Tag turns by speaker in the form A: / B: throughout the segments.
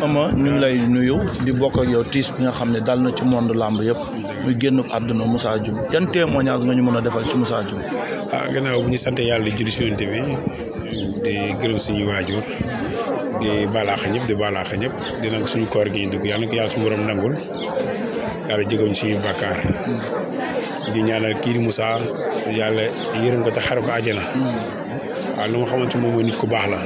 A: ama ñu ngi lay nuyu di bokk ak yow bi nga xam ne dal na ci monde làmb yëpp muy génn àdduna Moussa Dioum yan témoignage nga ñu mën a defal ci Moussa Dioum ah, gannaaw bu ñu sant yàlla di si Yonent bi di gërëm suñu balaax ñëpp di balaax ñëpp di nag koor gi ñu yàlla na ko yàlla suñu borom nangul suñu bàkkaar di kii di yàlla yërëm ko te xar ko àjjana mm-hmm. waaw lu ma ku baax la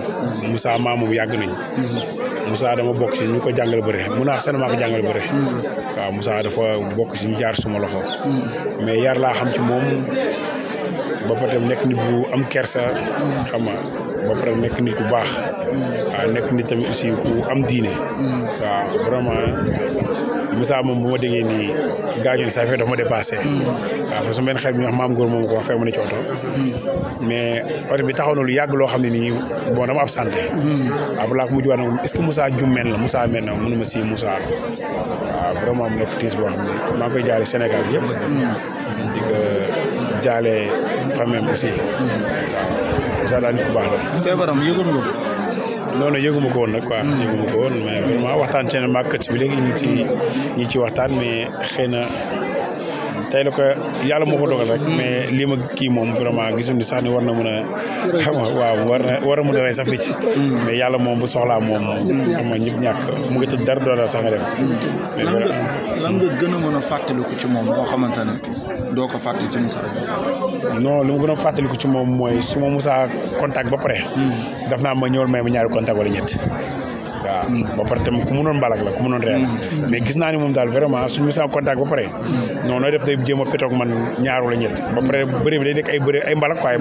A: Moussa maamoom yàgg nañ mm-hmm. Moussa dama bokk si ñu ko jàngal bëre mun naa seen maa ko jàngal bëre mm. waaw Moussa dafa bokk si ñu jaar suma loxo mm. mais yar laa xam ci moom ba pare tam nekk ni bu am kersa xam nga ba pare nekk ni ku baax waaw nekk ni tamit aussi ku am diine waaw vraiment Moussa moom bu ma déggee nii gaañoon saa fee dafa ma dépassé waaw parce que benn a ci oto mais oto bi taxaw na lu yàgg loo xam ne nii bon dama absenté waaw balaa ko mujj wax na moom na Moussa mel na mënuma si Moussa waaw vraiment mu nekk tiis boo xam ne maa ngi koy Sénégal yëpp jaale famille aussi waaw sa daal nit ku baax la. feebaram yëgul nga non yëguma ko woon nag quoi. Hmm. yëguma ko woon mais vraiment waxtaan ci ne màkkat bi léegi ñu ci ñu waxtaan mais xëy na. xëy na ko yàlla moo ko dogal rek mais lii ma kii moom vraiment gisuñu sax ni war na mën a xam waaw war na war na mën a rey sax picc mais yàlla moom bu soxlaa moom xam nga ñëpp ñàkk mu ngi tëdd dara doona sax a mën fàttaliku ci moom boo xamante ne doo ko fàttali ci Moussa Diouf non ma gën a fàttaliku ci moom mooy su ma Moussa contact ba pare hmm. daf naa ma ñëwal may ma ñaari contact wala ñett waaw ba pare ku mënoon mbalak la ku mënoon reer mais gis naa ni moom daal vraiment suñu misaa contact ba pare a nooy def day jéem a pétoog man ñaaru la ñett ba pare bëri bi day nekk ay bëri ay ay mbalak waaw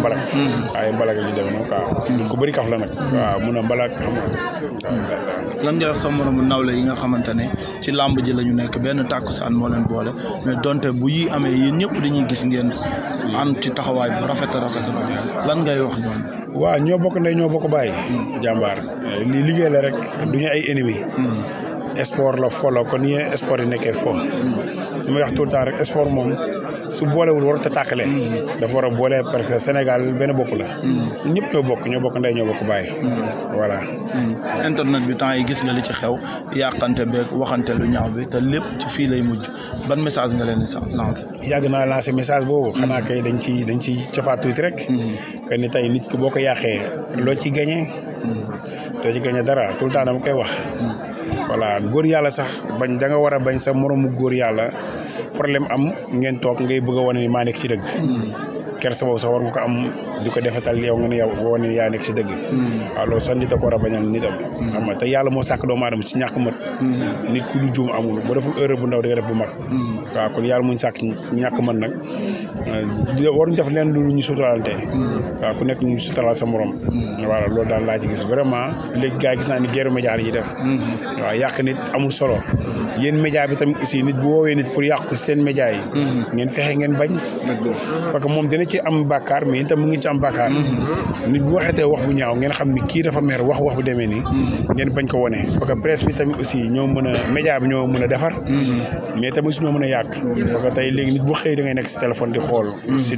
A: ay la ñu noonu waaw nit kaf la nag waaw mën a mbalak xam lan nga wax nawle yi nga xamante ne ci làmb ji la ñu nekk benn tàkkusaan moo leen boole mais donte bu yi amee yéen ñëpp dañuy gis ngeen am ci taxawaay bu rafet a lan ngay wax ñoom. waaw ñoo bokk ndey ñoo bokk bàyyi. jàmbaar lii liggéey la rek du ñu ay ennemis. Hmm. sport la fo la kon ni sport yi nekkee foo fo may wax tout le rek sport moom su boolewul warut a tàqale dafa war a boole parce que Sénégal benn bokk la ñëpp ñoo bokk ñoo bokk ndey ñoo bokk bàyyi voilà internet bi temps yi gis nga li ci xew yàqante beeg waxante lu ñaaw bi te lépp ci fii lay mujj ban message nga leen di lancé yàgg naa lancé message boobu mm-hmm. xanaa kay dañ ci dañ ci cofaat tuuti rek que mm-hmm. tey nit ki boo ko yàqee loo ci gañee mm-hmm. doo ci gañee dara tout le temps dama koy wax voilà góor yàlla sax bañ da nga war a bañ sa moroomu góor yàlla problème am ngeen toog ngay bëgg a wane ni maa nekk ci dëgg kersa boobu sax war nga ko am di ko defetal yow nga ne yow boo ne yaa nekk si dëgg hmm. waaw loolu sax nit a a bañal nitam hmm. xam nga te yàlla moo sàkk doomu aadama ci ñàkk mët hmm. nit ku du juum amul boo deful erreur bu ndaw nag waruñu def leen lu ñu suturalante waaw ku nekk ñu suturaal sa morom voilà loolu daal laa ci gis vraiment léegi gars yi gis naa ni guerre média la ñuy def waaw yàq nit amul solo yéen média bi tamit aussi nit bu woowee nit pour yàq seen média yi ngeen fexe ngeen bañ parce que moom dina da ci am bàkkaar mais itam mu ngi ci am bàkkaar mm-hmm. nit bu waxeetee wax bu ñaaw ngeen xam ni kii dafa mer wax wax bu demee nii mm-hmm. ngeen bañ ko wone parce que presse bi tamit aussi ñoo mën a média bi ñoo mën a defar mm-hmm. mais tamit aussi ñoo mën a yàq parce tey léegi nit bu xëy da ngay nekk si téléphone di xool lu ci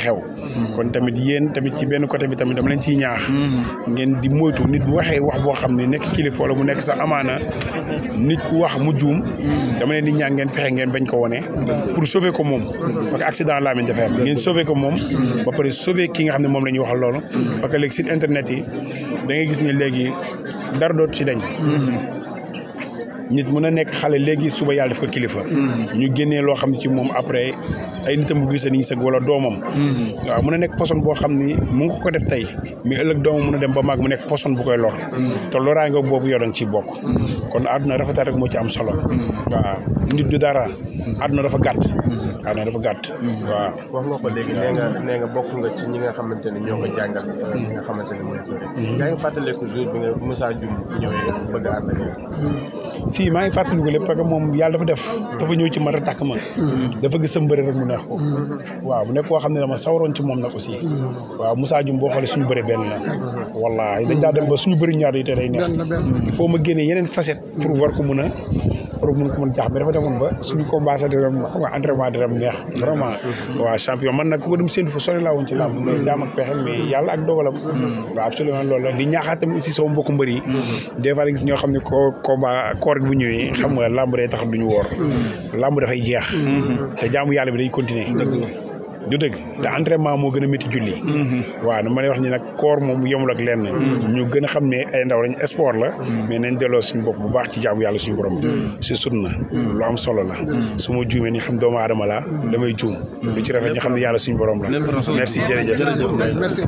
A: xew kon tamit yéen tamit ci benn côté bi tamit dama leen ciy ñaax ngeen di moytu nit bu waxee wax boo xam ne nekk kilifa wala mu nekk sax amaana nit ku wax mu juum dama leen di ñaan ngeen fexe ngeen bañ ko wone pour sauver ko moom parce que accident laa meen jafe am sauver ko moom ba pare sauver ki nga xam ne moom la ñuy waxal loolu parce que léegi site internet yi da ngay gis ne léegi dara doot ci dañ nit mën a nekk xale léegi suba yàlla def ko kilifa. Mm. ñu génnee loo xam ne ci moom après ay nitam bu gisee ni ñu sëg wala doomam. Mm. waaw mën a nekk poson boo xam ni mu ngi ko def tey mais ëllëg doomam mën a dem ba mag mu nekk poson bu koy lor. Mm. te loraange boobu yoroon ci bokk. kon àdduna rafetaay rek moo ci am solo. nit du dara. àdduna dafa gàtt. àdduna dafa gàtt. wax nga ko léegi nee nga nee bokk nga ci ñi nga xamante ne ñoo ko jàngal. ñi nga xamante ne mooy bëri. yaa ngi jour bi nga Moussa Dioum ñëwee bëgg a ànd ak si maa ngi fàttaliku lépp parce que moom yàlla dafa def dafa ñëw ci man rek tàkk ma dafa gis sa rek mu neex ko waaw mu nekk koo xam ne ma sawaroon ci moom nag aussi waaw Moussa Dioum boo xoolee suñu bëri benn la wallaahi dañ daa dem ba suñu bëri ñaar yi te day neex il faut ma génne yeneen facet pour war ko mun a pour mun ko mën jaax mais dafa demoon ba suñu combat sax dina xam nga entraînement dina neex vraiment mm-hmm. waaw champion man nag ku ko dem séntu fa sori laa woon mm-hmm. di ñaaxaat aussi sama mbokku mbër yi mm-hmm. des fois la ñoo xam ne ko combat koor gi bu ñëwee xam nga làmb tax duñu woor làmb dafay jeex te jaamu yàlla bi day continuer du dëgg te entraînement moo gën a métti julli waaw dama lay wax ni nag koor moom yemul ak lenn ñu gën a xam ne ay ndaw lañ sport la mais nañ delloo suñu bopp bu baax ci jaamu yàlla suñu borom si na lu am solo la su ma juumee nii xam doomu aadama laa damay juum lu ci rafet ñu xam ne yàlla suñu borom la merci jërëjëf